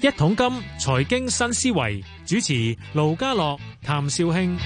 一桶金財經新思維，主持盧家樂、譚紹興，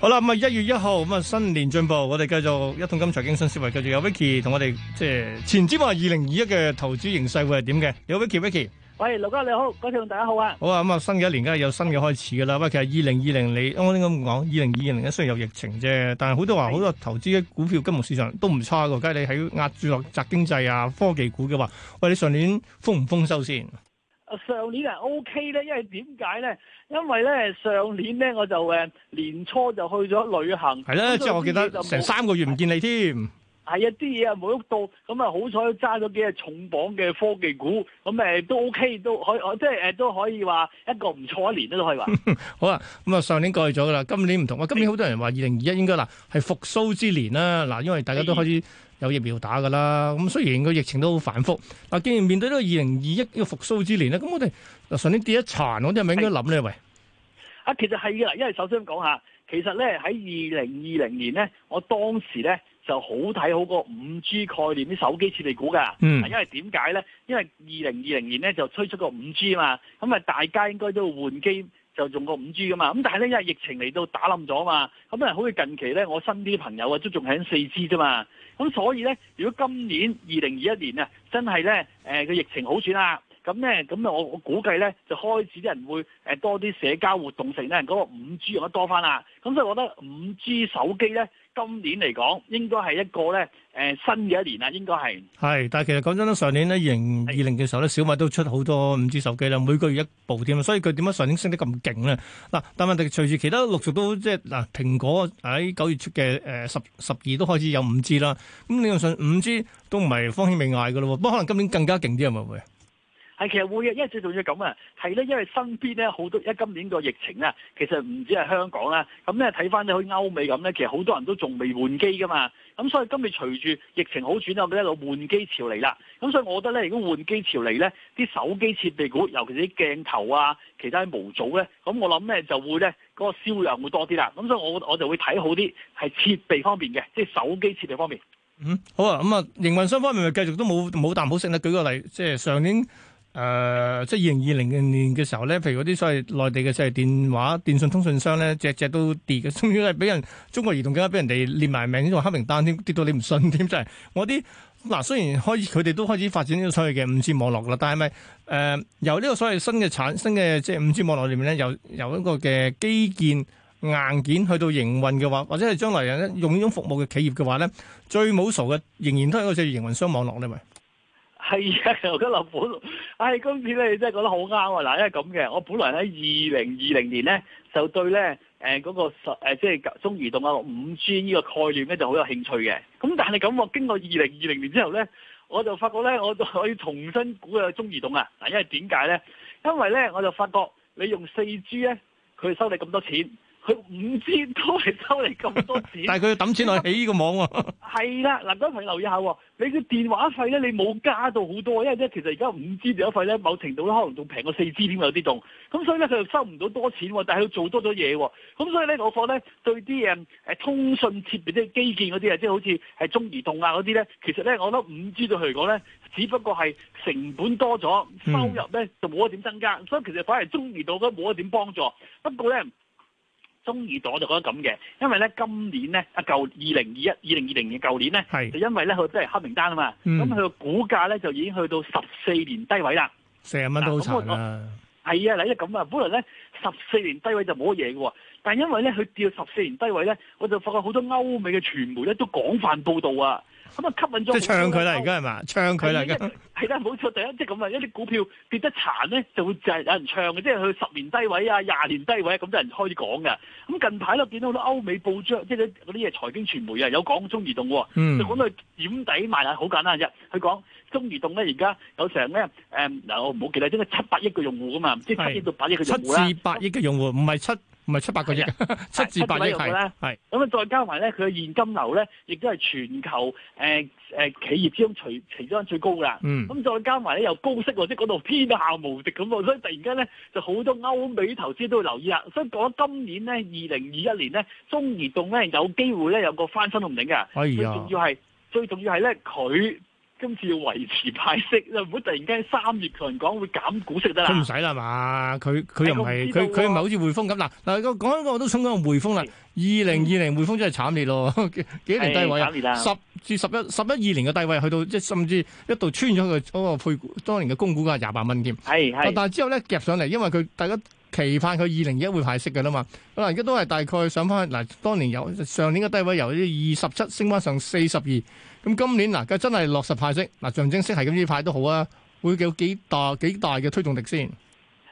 好啦，咁啊一月一號，咁啊新年進步，我哋繼續一桶金財經新思維，繼續有 Vicky 同我哋即係前瞻話二零二一嘅投資形勢會係點嘅？有 Vicky，Vicky。Vicky, Vicky 喂，劉哥你好，股市龍大家好啊！好啊，咁啊，新嘅一年梗係有新嘅開始噶啦。喂，其實二零二零你啱啱咁講，二零二零咧雖然有疫情啫，但係好多話，好的多投資嘅股票、金融市場都唔差噶。梗係你喺押注落宅經濟啊，科技股嘅話，喂，你上年豐唔豐收先上、啊 OK 為為呢呢？上年係 OK 咧，因為點解咧？因為咧，上年咧我就誒年初就去咗旅行，係啦的，即係我記得成三個月唔見你添。係啊，啲嘢又冇喐到，咁啊好彩揸咗幾隻重磅嘅科技股，咁誒、呃、都 OK，都可以即係誒、呃、都可以話一個唔錯一年都可以話。 好啊，咁啊上年過去咗啦，今年唔同、啊。今年好多人話二零二一應該嗱係復甦之年啦，嗱、啊、因為大家都開始有疫苗打㗎啦。咁、啊、雖然個疫情都好反覆，嗱、啊、既然面對呢個二零二一呢個復甦之年呢，咁我哋上年跌一殘，我哋係咪應該諗呢？喂，啊其實係嘅，因為首先講下，其實咧喺二零二零年呢，我當時咧，就好睇好個五 G 概念啲手機設備股㗎，嗯，因為點解呢？因為二零二零年呢就推出個五 G 嘛，咁啊大家應該都換機就用個五 G 噶嘛，咁但係呢，因為疫情嚟到打冧咗嘛，咁啊好似近期呢，我身邊啲朋友啊都仲喺四 G 啫嘛，咁所以呢，如果今年二零二一年啊真係呢，誒、呃、個疫情好轉啦、啊咁咧，咁啊，我我估計咧就開始啲人會誒多啲社交活動，成咧嗰個五 G 用得多翻啦。咁所以，我覺得五 G 手機咧，今年嚟講應該係一個咧誒新嘅一年啦。應該係係，但係其實講真啦，上年咧二零二零嘅時候咧，小米都出好多五 G 手機啦，每個月一部添啊。所以佢點解上年升得咁勁咧？嗱，但問題隨住其他陸續都即係嗱，蘋果喺九月出嘅誒十十二都開始有五 G 啦。咁理論上五 G 都唔係方興未艾嘅咯喎，不過可能今年更加勁啲，係咪會？但係其實會嘅，因為最重要咁啊，係咧，因為身邊咧好多，一今年個疫情咧，其實唔止係香港啦，咁咧睇翻你好似歐美咁咧，其實好多人都仲未換機噶嘛，咁所以今次隨住疫情好轉咧，一路換機潮嚟啦，咁所以我覺得咧，如果換機潮嚟咧，啲手機設備股，尤其是啲鏡頭啊，其他啲模組咧，咁我諗咧就會咧嗰個銷量會多啲啦，咁所以我我就會睇好啲係設備方面嘅，即係手機設備方面。嗯，好啊，咁、嗯、啊，營運商方面咪繼續都冇冇啖好食啦，舉個例，即係上年。誒、呃，即係二零二零年嘅時候咧，譬如嗰啲所謂內地嘅所謂電話、電信通訊商咧，只只都跌嘅，終於係俾人中國移動更加俾人哋列埋名呢個黑名單添，跌到你唔信添。就係我啲嗱，雖然開始佢哋都開始發展呢個所謂嘅五 G 網絡啦，但係咪誒由呢個所謂新嘅產、新嘅即係五 G 網絡裏面咧，由由一個嘅基建硬件去到營運嘅話，或者係將來咧用呢種服務嘅企業嘅話咧，最冇傻嘅仍然都係一個營運商網絡咧咪？係啊，我覺得樓盤，唉，今次咧你真係覺得好啱啊！嗱，因為咁嘅，我本來喺二零二零年咧就對咧誒嗰個十誒即係中移動啊五 G 呢個概念咧就好有興趣嘅。咁但係咁話經過二零二零年之後咧，我就發覺咧我就可以重新估下中移動啊！嗱，因為點解咧？因為咧我就發覺你用四 G 咧，佢收你咁多錢。佢五 G 都係收你咁多、， 啊、 多，多錢，但係佢要抌錢落去起呢個網喎。係啦，嗱，各位朋友留意下喎，你嘅電話費咧，你冇加到好多，因為咧，其實而家五 G 電話費咧，某程度咧，可能仲平過四 G 添有啲仲，咁所以咧，佢又收唔到多錢喎，但係佢做多咗嘢喎，咁所以咧，我覺得對啲誒通訊設備即係基建嗰啲啊，即係好似係中移動啊嗰啲咧，其實咧，我覺得五 G 對佢嚟講咧，只不過係成本多咗，收入咧就冇一點增加，嗯、所以其實反而中移動都冇一點幫助。不過咧。中意黨就覺得咁嘅，因為咧今年咧啊舊二零二一、二零二零年舊年咧，是就因為咧佢真係黑名單啊嘛，咁佢個股價咧就已經去到十四年低位啦，四十蚊都殘啦，係啊，你咗咁啊，本來咧十四年低位就冇乜嘢嘅喎。但係因為咧，佢跌到十四年低位咧，我就發覺好多歐美嘅傳媒咧都廣泛報道啊，咁啊吸引咗即係唱佢啦，而家係嘛，唱佢啦， 而家，係啦，冇錯，第一即係咁啊，一啲股票跌得殘咧，就會就係有人唱嘅，即係去十年低位啊，廿年低位，咁多人開始講嘅。咁近排都見到好多歐美報章，即係嗰啲嘢財經傳媒啊，有講中移動喎，就講、嗯、到係掩底賣啦，好簡單啫。佢講中移動咧，而家有成咧，誒嗱，我唔好記得，應該七八億個用戶噶嘛，即係七億到八億個用戶咧，七至八億嘅用戶，唔係以七。唔係七八個億，的七至八個億係。係咁啊，的再加埋咧，佢嘅現金流咧，亦都係全球誒誒、呃、企業之中除其中最高噶。嗯。咁再加埋咧，又高息，即嗰度天下無敵咁喎。所以突然間咧，就好多歐美投資都會留意啦。所以講今年咧，二零二一年咧，中移動咧，有機會咧，有個翻身紅領嘅。係啊。仲要係最重要係咧，佢。今次要維持派息，就唔好突然間三月同人講會減股息得、哎、啦。佢唔使啦嘛，佢佢又唔係佢佢唔係好似匯豐咁嗱嗱個講一個我都想講個匯豐啦。二零二零匯豐真係慘烈咯，幾幾年低位啊，十、哎、至十一十一二年嘅低位去到即係甚至一度穿咗佢嗰個配股當年嘅供股價廿八蚊添。係但係之後咧夾上嚟，因為佢大家期盼佢二零二一會派息㗎啦嘛。嗱而家都係大概上翻嗱，當年有上年嘅低位由二十七升翻上四十二。咁今年嗱、啊，真係落實派息，嗱，象徵式係咁呢派都好啊，會有幾大幾大嘅推動力先。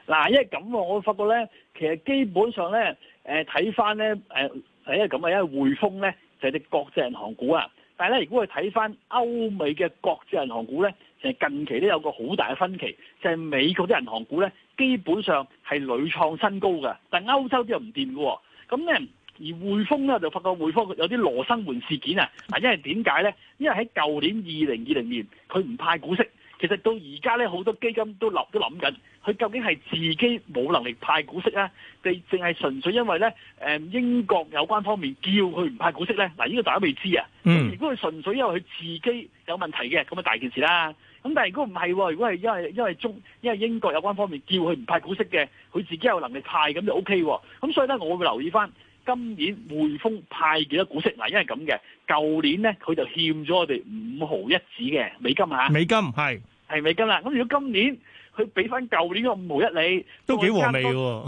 嗱，因為咁啊，我發覺咧，其實基本上咧，睇翻咧，係因為咁啊，因為匯豐咧就係、隻、啲國際銀行股啊，但係咧，如果我哋睇翻歐美嘅國際銀行股咧，就係、近期都有個好大嘅分歧，就係、係、美國啲銀行股咧，基本上係屢創新高㗎。但歐洲啲又唔掂㗎咁咧。而匯豐咧就發覺匯豐有啲羅生門事件啊！嗱，因為點解咧？因為喺舊年二零二零年佢唔派股息，其實到而家咧好多基金都諗都諗緊，佢究竟係自己冇能力派股息啊？定淨係純粹因為咧誒英國有關方面叫佢唔派股息咧？嗱，呢個大家未知啊！嗯，如果佢純粹因為佢自己有問題嘅，咁啊大件事啦。咁但係如果唔係喎，如果係因為因為中因為英國有關方面叫佢唔派股息嘅，佢自己有能力派，咁就 OK 喎。咁所以咧，我會留意翻。今年匯豐派幾多股息？嗱，因為咁嘅，舊年咧佢就欠咗我哋五毫一紙嘅美金吓，美金係係美金啦。咁如果今年佢俾翻舊年嗰五毫一你，都幾和味喎。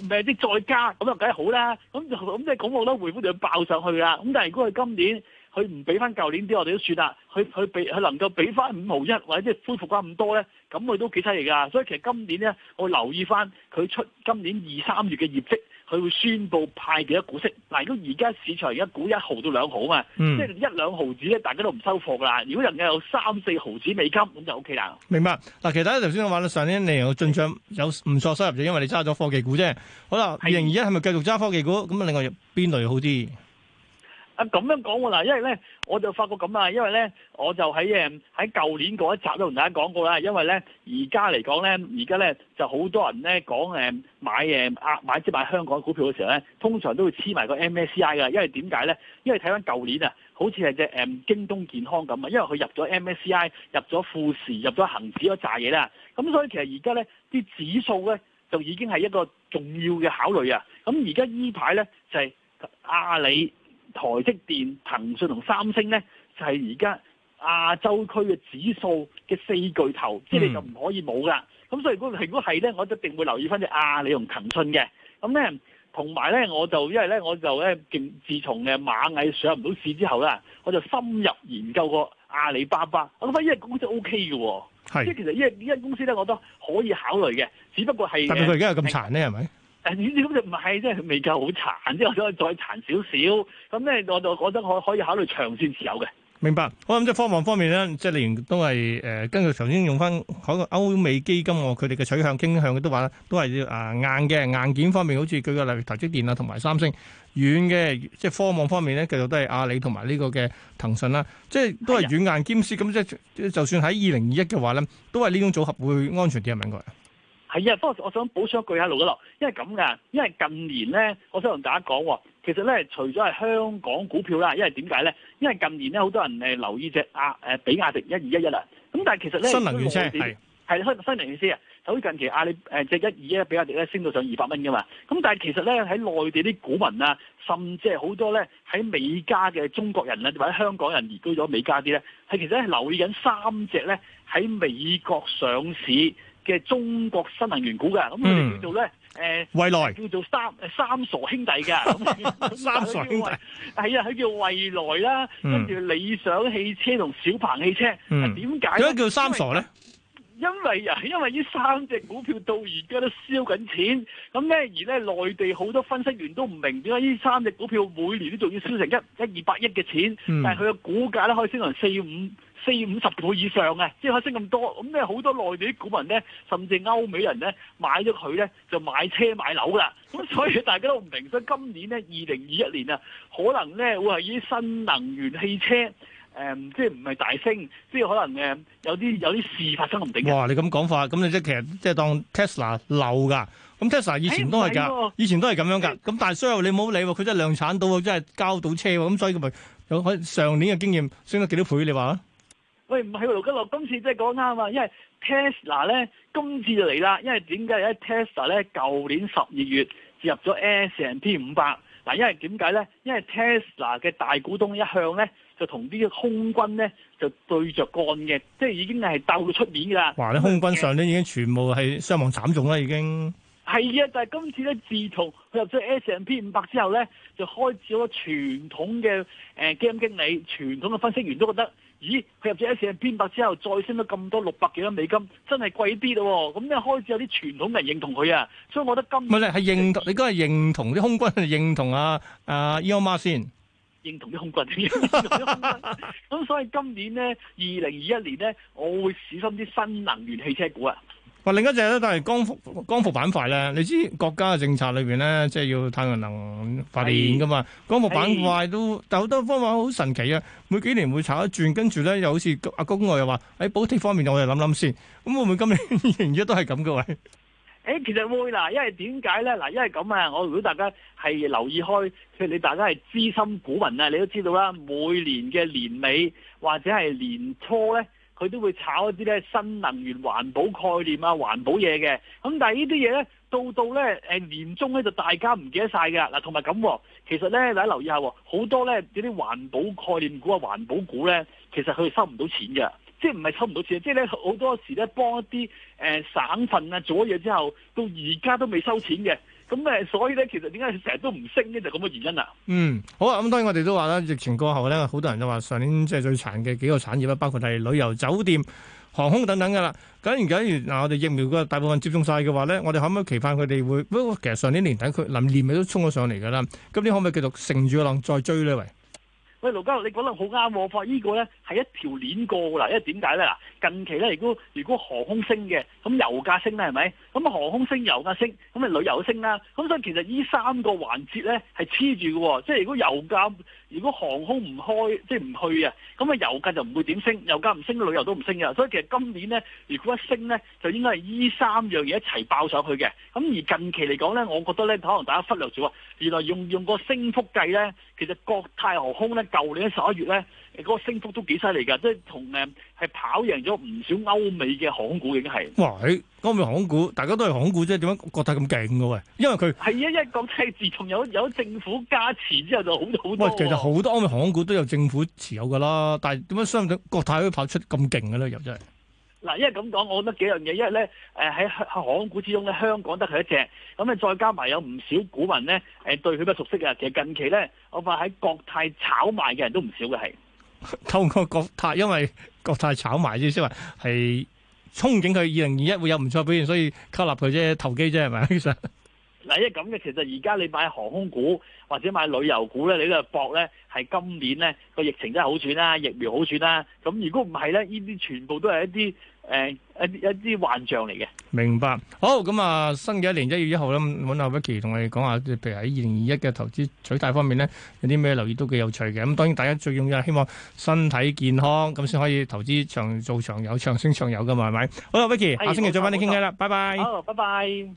唔係即係再加，咁又梗係好啦。咁咁即係講落都匯豐就要爆上去啦。咁但係如果佢今年佢唔俾翻舊年啲，我哋都算啦。佢佢俾佢能夠俾翻五毫一，或者即係恢復翻咁多咧，咁佢都幾犀利噶。所以其實今年咧，我留意翻佢出今年二三月嘅業績。佢會宣布派幾多股息？嗱，如果而家市場而家股一毫到兩毫啊嘛，嗯、即係一兩毫子咧，大家都唔收貨啦。如果能夠有三四毫子美金，咁就 O K 啦。明白。嗱，其實頭先我話啦，上年你進有進帳有唔錯收入，就因為你揸咗科技股啫。好啦，二零二一係咪繼續揸科技股？咁啊，另外邊類好啲？啊！咁樣講喎啦，因為咧，我就發覺咁啊，因為咧，我就喺喺舊年嗰一集都同大家講過啦。因為咧，而家嚟講咧，而家咧就好多人咧講誒買誒買即係買香港股票嘅時候咧，通常都會黐埋個 M S C I 㗎。因為點解咧？因為睇返舊年啊，好似係隻誒京東健康咁啊，因為佢入咗 M S C I，入咗富時，入咗恒指嗰扎嘢啦。咁所以其實而家咧啲指數咧就已經係一個重要嘅考慮啊。咁而家呢排咧就係阿里。台積電、騰訊同三星咧，就係而家亞洲區嘅指數嘅四巨頭，嗯、即係你就唔可以冇噶。咁所以如果如果係咧，我就一定會留意翻隻阿里同騰訊嘅。咁、嗯、咧，同埋咧，我就因為咧，我就咧自從嘅螞蟻上唔到市之後啦，我就深入研究過阿里巴巴。我覺得呢間公司 O K 嘅喎，是 即係其實呢呢間公司咧，我都可以考慮嘅，只不過係。但係佢而家又咁殘咧，係咪是？啊！呢咁就唔係，即係未夠好殘，之後可以再殘少少，咁咧我就覺得可可以考慮長線持有嘅。明白。好啦，咁即係科網方面咧，即係連都係誒，根據頭先用翻嗰個歐美基金，我佢哋嘅取向傾向都話咧，都係啊硬嘅硬件方面，好似舉個例台積電啊，同埋三星軟嘅，即係科網方面咧，繼續都係阿里同埋呢個嘅騰訊啦，即係都係軟硬兼施。咁的即係就算喺二零二一嘅話咧，都係呢種組合會安全啲係咪應該？是係啊，不過我想補充一句喺路一度，因為咁嘅，因為近年咧，我想同大家講，其實咧，除咗係香港股票啦，因為點解咧？因為近年咧，好多人誒留意隻亞誒比亞迪一二一一啦。咁但係其實咧的，新能源車係係新新能源車啊！好似近期亞利誒隻一二一比亞迪咧，升到上二百蚊噶嘛。咁但係其實咧，喺內地啲股民啊，甚至係好多咧喺美加嘅中國人啊，或者香港人移居咗美加啲咧，係其實係留意緊三隻咧喺美國上市嘅中國新能源股嘅，咁佢哋叫做咧，誒、嗯，蔚來、欸、叫做三誒三傻兄弟嘅，咁。三傻兄弟，係 啊，佢叫蔚來啦，跟住、嗯、理想汽車同小鵬汽車，點解？點解叫三傻咧？因為啊，因為呢三隻股票到而家都燒緊錢，咁咧而咧內地好多分析員都唔明點解，呢三隻股票每年都仲要燒成一一二百億嘅錢，嗯、但係佢嘅股價咧可以升到四五四五十倍以上嘅，即係可以升咁多。咁咧好多內地啲股民咧，甚至歐美人咧買咗佢咧就買車買樓啦。咁所以大家都唔明，所以今年咧二零二一年啊，可能咧會係啲新能源汽車。誒、呃，即係唔係大升，即係可能誒、呃、有啲有啲事發生唔定哇！你咁講法，咁你即係其實即係當 Tesla 漏㗎。咁 Tesla 以前都係㗎，欸、唔係啊、以前都係咁樣㗎。咁、欸、但係雖然你冇理喎，佢真係量產到，真係交到車喎。咁所以佢咪有可上年嘅經驗升得幾多倍？你話？喂，唔係喎，盧吉樂，今次真係講啱啊！因為 Tesla 咧今次就嚟啦，因為點解咧？Tesla 咧舊年十二月接入咗 S&P 五百嗱，因為點解咧？因為 Tesla 嘅大股東一向咧。就同啲空軍咧就對着幹嘅，即係已經係鬥到出面噶啦。哇！你空軍上呢已經全部係傷亡慘重啦，已經係啊、嗯！但係今次咧，自從佢入咗 S&P 五百之後咧，就開始咗傳統嘅誒基金經理、傳統嘅分析員都覺得，咦？佢入咗 S&P 五百之後，再升咗咁多六百幾多美金，真係貴啲咯、哦。咁咧開始有啲傳統嘅人認同佢啊，所以我覺得今次唔係咧係認同，你都係認同啲空軍認同啊啊伊歐瑪先。認同啲空軍咁，所以今年咧，二零二一年咧，我會小心啲新能源汽車股啊。哇，另一隻咧都係光伏，光伏板塊咧。你知國家嘅政策裏邊咧，即係要太陽能發電噶嘛？光伏板塊都但好多方法好神奇啊！每幾年會炒一轉，跟住咧又好似阿公愛又話喺補貼方面，我哋諗諗先，咁會唔會今年成日都係咁嘅位？誒、欸、其實會嗱，因為點解咧？嗱，因為咁啊，我如果大家係留意開，譬如你大家係資深股民啊，你都知道啦，每年嘅年尾或者係年初咧，佢都會炒一啲咧新能源、環保概念啊、環保嘢嘅。咁但係呢啲嘢咧，到到咧誒年中咧就大家唔記得晒㗎。嗱，同埋咁，其實咧大家留意一下喎，好多咧啲環保概念股啊、環保股咧，其實佢收唔到錢嘅。即係唔係收唔到錢，即係咧好多時咧幫一啲誒省份啊做嘢之後，到而家都未收錢嘅。咁誒，所以咧其實點解成日都唔升呢？就咁、是、嘅原因啦。嗯，好啊。咁當然我哋都話啦，疫情過後咧，好多人都話上年即係最慘嘅幾個產業啦，包括係旅遊、酒店、航空等等噶啦。假如假如嗱、啊，我哋疫苗大部分接種晒嘅話咧，我哋可唔可以期盼佢哋會？不過其實上年年底佢臨年尾都衝咗上嚟噶啦。今年可唔可以繼續乘住個浪再追呢？盧教授，你講得好啱喎，因為依個咧係一條鏈過㗎啦。因為點解呢？嗱，近期呢，如果如果航空升嘅，咁油價升呢？係咪？咁航空升、油價升，咁咪旅遊升啦。咁所以其實呢三個環節呢係黐住嘅，即係如果油價如果航空唔開，即係唔去啊，咁啊油價就唔會點升，油價唔升，旅遊都唔升㗎。所以其實今年呢，如果一升呢，就應該係依三樣嘢一齊爆上去嘅。咁而近期嚟講呢，我覺得呢，可能大家忽略咗，原來用用個升幅計呢，其實國泰航空呢。舊年十一月咧，嗰、那個升幅都幾犀利㗎，即係同誒係跑贏咗唔少歐美嘅航空股已經係。哇！喺歐美航空股，大家都係航空股啫，點解國泰咁勁㗎？喎？因為佢係啊，因為國泰自從有有政府加持之後，就好好多，多、啊。其實好多歐美航空股都有政府持有㗎啦，但係點解相對國泰可以跑出咁勁嘅咧？又真係。嗱，因為咁講，我覺得幾樣嘢，因為咧，誒喺港股之中咧，香港得佢一隻，咁啊再加埋有唔少股民咧，誒對佢嘅熟悉嘅，其實近期咧，我發現喺國泰炒賣嘅人都唔少嘅，係透過國泰，因為國泰炒賣即係話係憧憬佢二零二一會有唔錯表現，所以吸納佢啫，投機啫係咪？其實。嗱，一咁嘅，其實而家你買航空股或者買旅遊股咧，你都係搏咧，係今年咧個疫情真係好轉啦、啊，疫苗好轉啦、啊。咁如果唔係咧，呢啲全部都係一啲誒、呃、一啲一啲幻象嚟嘅。明白。好，咁啊，新嘅一年一月一號啦，揾阿 Vicky 同我哋講下，即譬如喺二零二一嘅投資取態方面咧，有啲咩留意都幾有趣嘅。咁當然大家最重要係希望身體健康，咁先可以投資長做長有、長升長有噶嘛，係咪？好啦，Vicky，對好下星期再搵你傾偈啦，好好拜拜。好，拜拜。